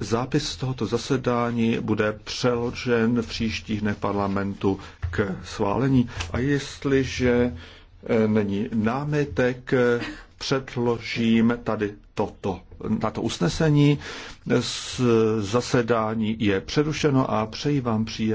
Zápis tohoto zasedání bude přeložen v příštích dnech parlamentu k schválení a jestliže eh, není námitek, předložím tady toto, tato usnesení. Zasedání je přerušeno a přeji vám příjemný